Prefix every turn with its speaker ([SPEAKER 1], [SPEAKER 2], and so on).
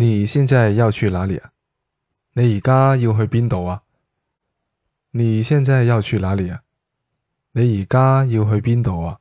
[SPEAKER 1] 你現在要去哪裏啊？你而家要去邊度啊？你現在要去哪裏啊？你而家要去邊度啊？